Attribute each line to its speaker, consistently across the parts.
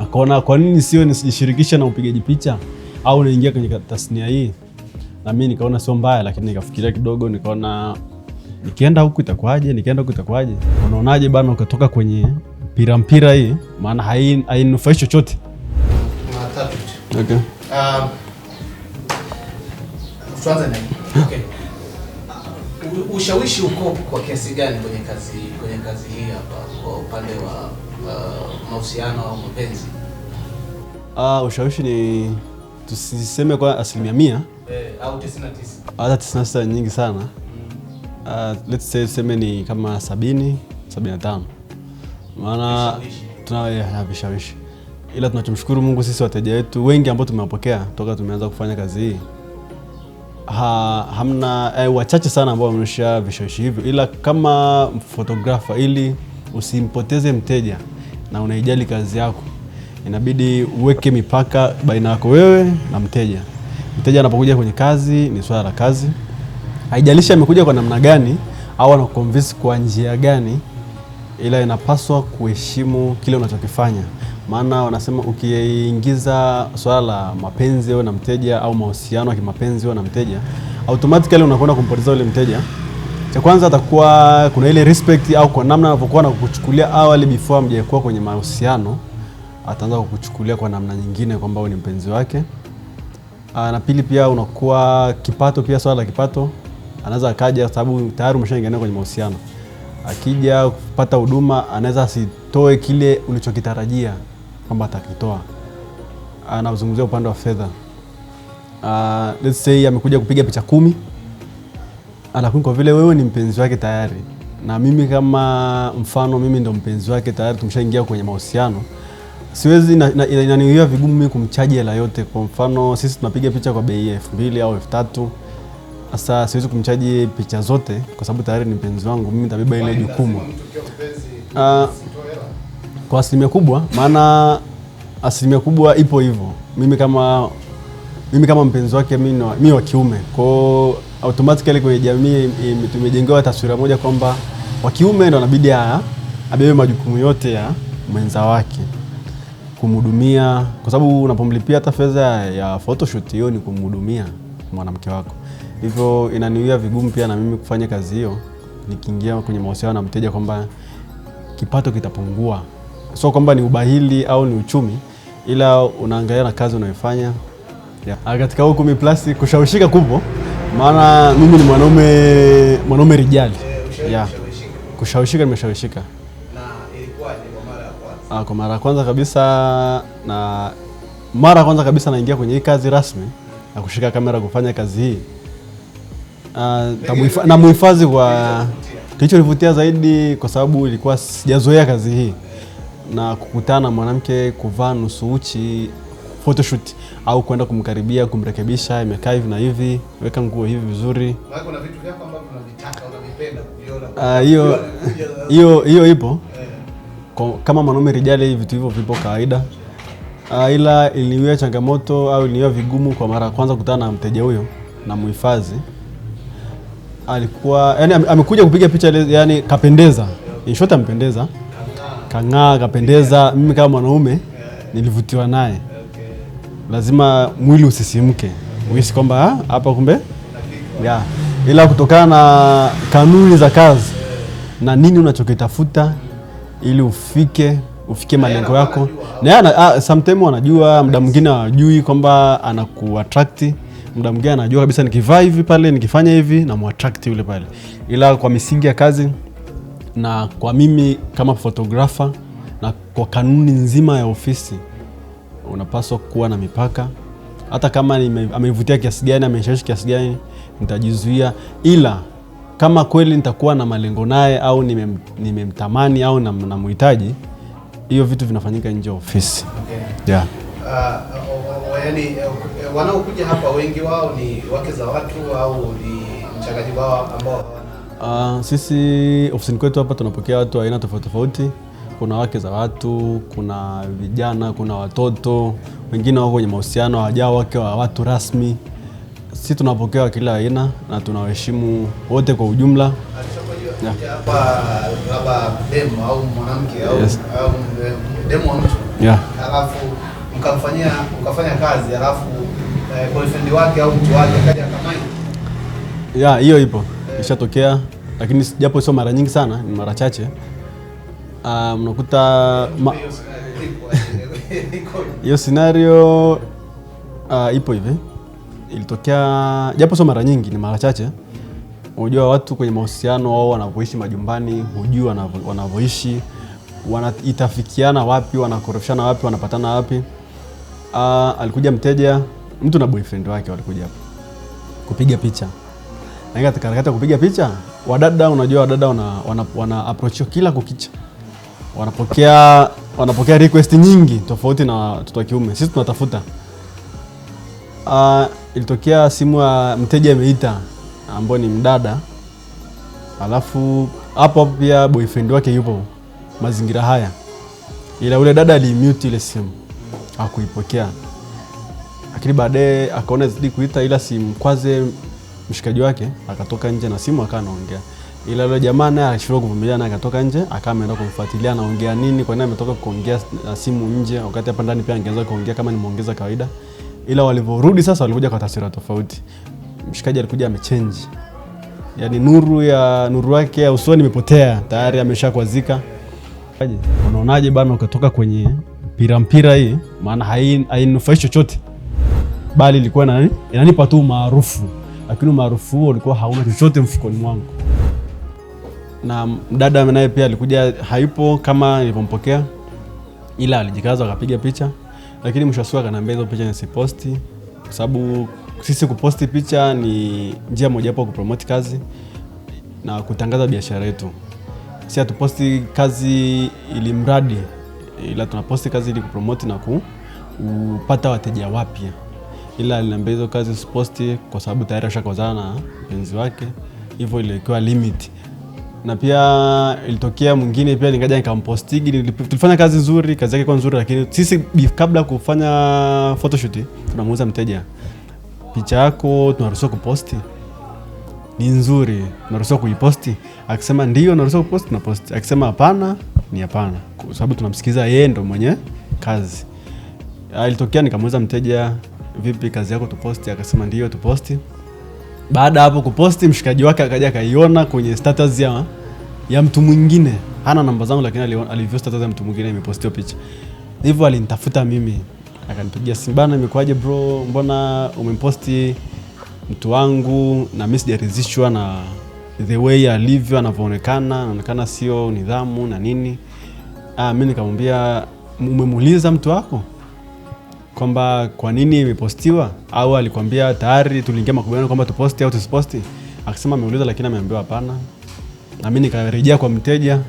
Speaker 1: akaona kwa nini sio nisijishirikishe na upigaji picha au naingia kwenye tasnia hii, na mimi nikaona sio mbaya, lakini nikafikiria kidogo, nikaona nikienda huku itakuwaje? Nikienda huku itakuwaje? Unaonaje bana, ukatoka kwenye mpira mpira hii, maana hainufaishi chochote. Okay. Um,
Speaker 2: ushawishi uko kwa kiasi gani kwenye kazi kwenye kazi hii hapa kwa upande wa uh, mahusiano au mapenzi?
Speaker 1: Ah, ushawishi ni tusiseme kwa asilimia mia eh, au 99 hata 99 nyingi sana mm. Uh, let's say tuseme ni kama 70 75, maana tuna eh, vishawishi, ila tunachomshukuru Mungu sisi wateja wetu wengi ambao tumewapokea toka tumeanza kufanya kazi hii ha, hamna eh, wachache sana ambao wameonyesha vishawishi hivyo, ila kama fotografa, ili usimpoteze mteja na unaijali kazi yako, inabidi uweke mipaka baina yako wewe na mteja. Mteja anapokuja kwenye kazi ni swala la kazi, haijalishi amekuja kwa namna gani au anakuconvince kwa njia gani ila inapaswa kuheshimu kile unachokifanya, maana wanasema ukiingiza swala la mapenzi wewe na mteja au mahusiano ya kimapenzi wewe na mteja, automatically unakwenda kumpoteza yule mteja. Cha kwanza atakuwa kuna ile respect au kwa namna anavyokuwa na kukuchukulia awali before mjaikuwa kwenye mahusiano, ataanza kukuchukulia kwa namna nyingine kwamba wewe ni mpenzi wake. Ah, na pili pia unakuwa kipato, pia swala la kipato, anaweza akaja sababu tayari umeshaingia kwenye mahusiano akija kupata huduma anaweza asitoe kile ulichokitarajia kwamba atakitoa. Anazungumzia upande wa fedha. Uh, let's say amekuja kupiga picha kumi, lakini kwa vile wewe ni mpenzi wake tayari na mimi kama mfano, mimi ndo mpenzi wake tayari, tumeshaingia kwenye mahusiano, siwezi inaniwia vigumu mimi kumchaji hela yote. Kwa mfano, sisi tunapiga picha kwa bei elfu mbili au elfu tatu sasa siwezi kumchaji picha zote kwa sababu tayari ni mpenzi wangu, mimi nitabeba ile jukumu
Speaker 2: uh,
Speaker 1: kwa asilimia kubwa, maana asilimia kubwa ipo hivyo. Mimi kama mimi kama mpenzi wake mimi wa kiume, kwao automatically kwenye jamii tumejengewa taswira moja kwamba wa kiume ndo anabidi abebe majukumu yote ya mwenza wake kumhudumia, kwa sababu unapomlipia hata fedha ya photoshoot, hiyo ni kumhudumia mwanamke wako hivyo inaniwia vigumu pia na mimi kufanya kazi hiyo nikiingia kwenye mahusiano na mteja kwamba kipato kitapungua. so kwamba ni ubahili au ni uchumi, ila unaangalia na kazi unayofanya yeah. Ah, katika huku kumi plus kushawishika kupo, maana mimi ni mwanaume mwanaume rijali yeah. Kushawishika nimeshawishika ah, kwa mara ya kwanza kabisa na mara ya kwanza kabisa naingia kwenye hii kazi rasmi na kushika kamera kufanya kazi hii. Uh, na muhifadhi kwa kilichonivutia zaidi, kwa sababu ilikuwa sijazoea kazi hii na kukutana na mwanamke kuvaa nusu uchi photoshoot au kwenda kumkaribia kumrekebisha, imekaa hivi na hivi, weka nguo hivi vizuri. Uh, hiyo hiyo hiyo ipo kama mwanaume rijali, vitu hivyo vipo kawaida. Uh, ila iliniwia changamoto au iliniwia vigumu kwa mara ya kwanza kukutana na mteja huyo na muhifadhi alikuwa yani, amekuja kupiga picha yani, kapendeza, in short ampendeza, kang'aa, kapendeza. Mimi kama mwanaume nilivutiwa naye, lazima mwili usisimke, uhisi kwamba ah, hapa kumbe yeah. Ila kutokana na kanuni za kazi na nini unachokitafuta ili ufike ufike malengo yako, na ah, sometimes wanajua, muda mwingine hawajui kwamba anakuattract muda mgani anajua kabisa nikivaa hivi pale nikifanya hivi na muattract yule pale, ila kwa misingi ya kazi na kwa mimi kama photographer na kwa kanuni nzima ya ofisi unapaswa kuwa na mipaka. Hata kama ameivutia kiasi gani, ameshawishi kiasi gani, nitajizuia, ila kama kweli nitakuwa na malengo naye au nimemtamani au namhitaji, hiyo vitu vinafanyika nje ya ofisi yeah.
Speaker 2: Uh, uh, uh yani eh, wanaokuja hapa wengi wao ni wake za watu au ni mchangaji wao ambao
Speaker 1: Uh, sisi ofisini kwetu hapa tunapokea watu aina tofauti tofauti. Kuna wake za watu, kuna vijana, kuna watoto, wengine wako kwenye mahusiano hawajao wake wa watu rasmi. Sisi tunapokea kila aina na tunawaheshimu wote kwa ujumla. Yeah
Speaker 2: ukamfanyia ukafanya kazi alafu eh, wake au mtu wake akaja akamaini?
Speaker 1: Ya, hiyo ipo eh, ishatokea lakini japo sio mara nyingi sana, ni mara chache. Uh, unakuta
Speaker 2: eh, eh,
Speaker 1: hiyo scenario uh, ipo hivi, ilitokea japo sio mara nyingi, ni mara chache. Unajua watu kwenye mahusiano wao wanavyoishi majumbani, hujui wanavyoishi, wanaitafikiana wapi, wanakorofishana wapi, wanapatana wapi Uh, alikuja mteja mtu na boyfriend wake walikuja hapo kupiga picha, na katika harakati ya kupiga picha, wadada, unajua wadada wana, wana, wana approach kila kukicha, wanapokea wanapokea request nyingi tofauti na watoto wa kiume, sisi tunatafuta. Uh, ilitokea simu ya mteja imeita ambayo ni mdada, alafu hapo pia boyfriend wake yupo mazingira haya, ila ule dada alimute ile simu hakuipokea, lakini baadaye akaona zidi kuita, ila simkwaze mshikaji wake akatoka nje na simu akawa anaongea, ila yule jamaa naye alishindwa kuvumilia na akatoka nje akawa ameenda kumfuatilia anaongea nini, kwa nini ametoka kuongea na simu nje, wakati hapa ndani pia angeweza kuongea kama nimeongeza kawaida. Ila walivyorudi sasa, walikuja kwa taswira tofauti. Mshikaji alikuja amechange, yani nuru ya nuru yake ya usoni imepotea tayari, ameshakwazika. Unaonaje bana, ukatoka kwenye mpira mpira hii maana hainufaishi chochote, bali ilikuwa nani inanipa tu maarufu, lakini maarufu huo ulikuwa hauna chochote mfukoni mwangu. Na mdada naye pia alikuja, haipo kama nilivyompokea, ila alijikaza akapiga picha, lakini mwisho wa siku akaniambia hizo picha nisiposti, kwa sababu sisi kuposti picha ni njia mojawapo ya kupromoti kazi na kutangaza biashara yetu. Si hatuposti kazi ili mradi ila tunaposti kazi ili kupromote na kupata wateja wapya, ila aliniambia hizo kazi usiposti kwa sababu tayari ashakozana na mpenzi wake, hivyo ilikuwa limit. Na pia ilitokea mwingine pia ningaja nikampostigi, tulifanya kazi nzuri, kazi yake kwa nzuri, lakini sisi kabla kufanya photoshoot tunamuuza mteja, picha yako tunaruhusiwa kuposti ni nzuri, naruhusiwa kuiposti? Akisema ndio, naruhusiwa kuposti, naposti. Akisema hapana, ni hapana kwa sababu tunamsikiza yeye ndo mwenye kazi. Alitokea ah, nikamweza mteja, vipi kazi yako tuposti? Akasema ndio tuposti. Baada hapo kuposti, mshikaji wake akaja akaiona kwenye status ya, ya mtu mwingine, hana namba zangu, lakini alivyo status ya mtu mwingine imepostiwa picha hivyo, alinitafuta mimi akanipigia simu, bana, imekuwaje bro, mbona umeposti mtu wangu? Na mimi sijarizishwa na the way alivyo, anavyoonekana, anaonekana sio nidhamu na nini. Ah, mi nikamwambia umemuuliza mtu wako kwamba kwa nini imepostiwa au alikwambia tayari tuliingia makubaliano kwamba tuposti au tusiposti? Akasema ameuliza lakini ameambiwa hapana. Na mimi nikarejea kwa mteja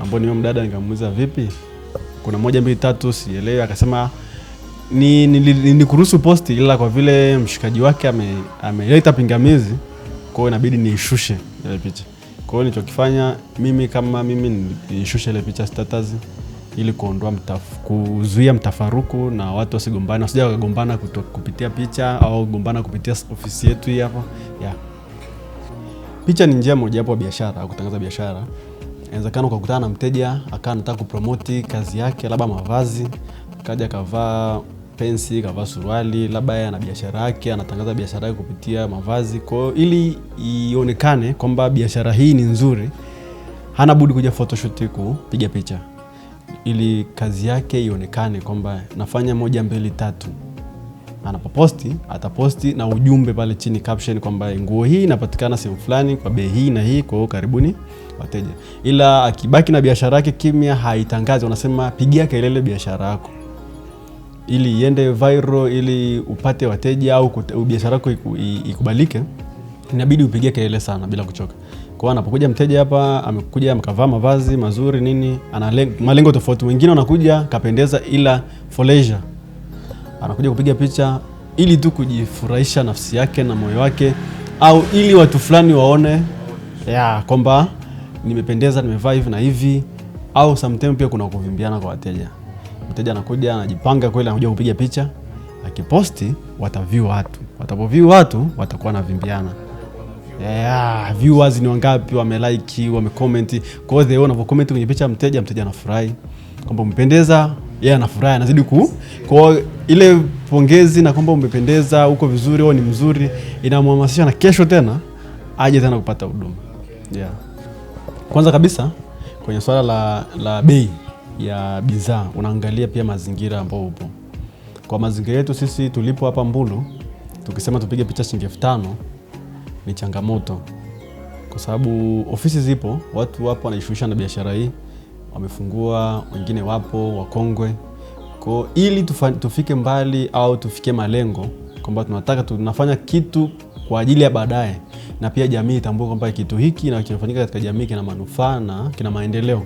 Speaker 1: ambao ni mdada, nikamuuliza vipi, kuna moja mbili tatu sielewi. Akasema ni, nikuruhusu ni, ni posti, ila kwa vile mshikaji wake ameleta ame pingamizi, kwa hiyo inabidi niishushe ile picha. Kwa hiyo nilichokifanya mimi kama mimi nishushe ile picha status ili kuondoa mtaf, kuzuia mtafaruku na watu wasigombane, wasija wakagombana kupitia picha au gombana kupitia ofisi yetu hii hapa yeah. Picha ni njia moja mojawapo ya biashara, kutangaza biashara. Inawezekana ukakutana na mteja akawa anataka kupromoti kazi yake, labda mavazi, kaja akavaa pensi, kavaa suruali, labda yeye ana biashara yake, anatangaza biashara yake kupitia mavazi. Kwa hiyo ili ionekane kwamba biashara hii ni nzuri, hana budi kuja photoshoot, kupiga picha ili kazi yake ionekane kwamba nafanya moja mbili tatu. Anapoposti ataposti na ujumbe pale chini caption kwamba nguo hii inapatikana sehemu fulani kwa bei hii na hii, kwa hiyo karibuni wateja. Ila akibaki na biashara yake kimya, haitangazi, wanasema pigia kelele biashara yako ili iende viral, ili upate wateja au biashara yako ikubalike, inabidi upige kelele sana bila kuchoka. Kwa anapokuja mteja hapa, amekuja mkavaa mavazi mazuri nini, ana malengo tofauti. Wengine wanakuja kapendeza, ila for leisure, anakuja kupiga picha ili tu kujifurahisha nafsi yake na moyo wake, au ili watu fulani waone ya kwamba nimependeza, nimevaa hivi na hivi, au sometimes pia kuna kuvimbiana kwa wateja mteja anakuja anajipanga kweli, anakuja kupiga picha, akiposti wataviu watu, watapoviu watu watakuwa na vimbiana Yeah, viewers ni wangapi wamelike, wamecomment. Kwa hiyo they comment kwenye picha mteja, mteja anafurahi kwamba umependeza, yeye anafurahi, anazidi ku. Kwa ile pongezi na kwamba umependeza, uko vizuri, wewe ni mzuri, inamhamasisha na kesho tena aje tena kupata huduma. Yeah. Kwanza kabisa kwenye swala la, la bei ya bidhaa, unaangalia pia mazingira ambao upo. Kwa mazingira yetu sisi tulipo hapa Mbulu, tukisema tupige picha shilingi elfu tano ni changamoto, kwa sababu ofisi zipo, watu wapo wanajishughulisha na biashara hii, wamefungua wengine, wapo wakongwe ko, ili tufa, tufike mbali au tufike malengo kwamba tunataka tunafanya kitu kwa ajili ya baadaye, na pia jamii itambue kwamba kitu hiki na kinafanyika katika jamii kina manufaa na kina maendeleo.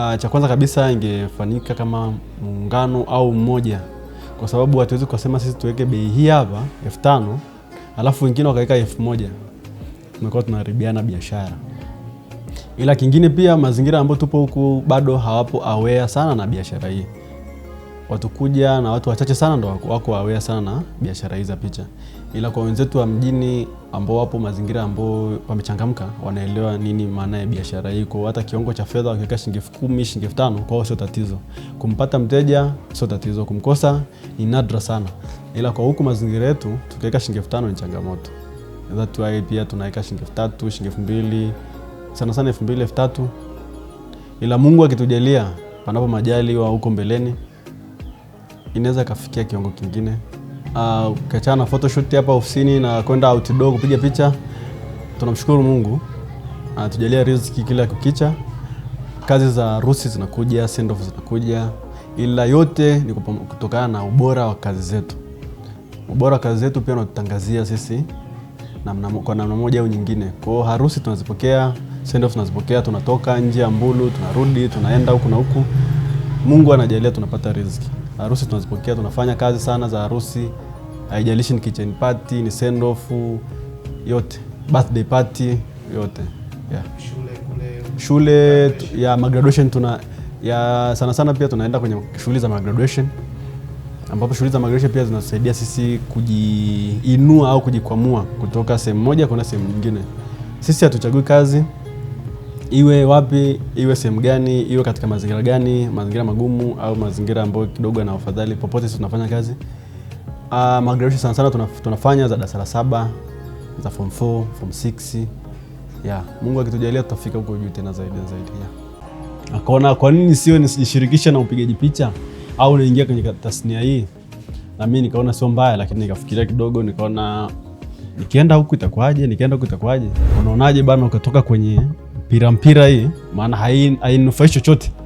Speaker 1: Uh, cha kwanza kabisa ingefanyika kama muungano au mmoja, kwa sababu hatuwezi kusema sisi tuweke bei hii hapa elfu tano alafu wengine wakaweka elfu moja tumekuwa tunaharibiana biashara. Ila kingine pia, mazingira ambayo tupo huku bado hawapo aware sana na biashara hii watu kuja na watu wachache sana ndo wako wako aware sana na biashara hii za picha, ila kwa wenzetu wa mjini ambao wapo mazingira ambao wamechangamka, wanaelewa nini maana ya biashara hii. Kwa hata kiwango cha fedha wakiweka shilingi elfu kumi shilingi elfu tano kwao sio tatizo. Kumpata mteja sio tatizo, kumkosa ni nadra sana, ila kwa huku mazingira yetu tukiweka shilingi elfu tano ni changamoto. That's why pia tunaweka shilingi elfu tatu shilingi elfu mbili sana sana elfu mbili elfu tatu ila Mungu akitujalia, panapo majali wa huko mbeleni inaweza ikafikia kiwango kingine. Uh, ukiachana na photoshoot hapa ofisini na kwenda outdoor kupiga picha, tunamshukuru Mungu anatujalia ah, uh, riziki kila kukicha. Kazi za harusi zinakuja, send off zinakuja, ila yote ni kutokana na ubora wa kazi zetu. Ubora wa kazi zetu pia unatutangazia sisi na mna, kwa namna moja au nyingine. Kwa hiyo harusi tunazipokea, send off tunazipokea, tunatoka nje ya Mbulu, tunarudi, tunaenda huku na huku. Mungu anajalia tunapata riziki harusi tunazipokea, tunafanya kazi sana za harusi, haijalishi ni kitchen party, ni send off, yote birthday party yote
Speaker 2: yeah. Shule, kule,
Speaker 1: shule Ya magraduation tuna ya sana sana pia tunaenda kwenye shughuli za magraduation ambapo shughuli za magraduation pia zinatusaidia sisi kujiinua au kujikwamua kutoka sehemu moja kwenda sehemu nyingine. Sisi hatuchagui kazi iwe wapi, iwe sehemu gani, iwe katika mazingira gani, mazingira magumu au mazingira ambayo kidogo na ufadhili, popote sisi tunafanya kazi. Uh, ah, magraduation sana sana tunaf, tunafanya za darasa la saba, za form 4, form 6. Yeah, Mungu akitujalia tutafika huko juu tena zaidi na zaidi. Yeah. Akaona kwa nini sio nisijishirikisha na upigaji picha au naingia kwenye tasnia hii? Na mimi nikaona sio mbaya, lakini nikafikiria kidogo, nikaona nikienda huku itakuwaje? Nikienda huku itakuwaje? Unaonaje bana, ukatoka kwenye mpira mpira hii, maana hainufaishi chochote.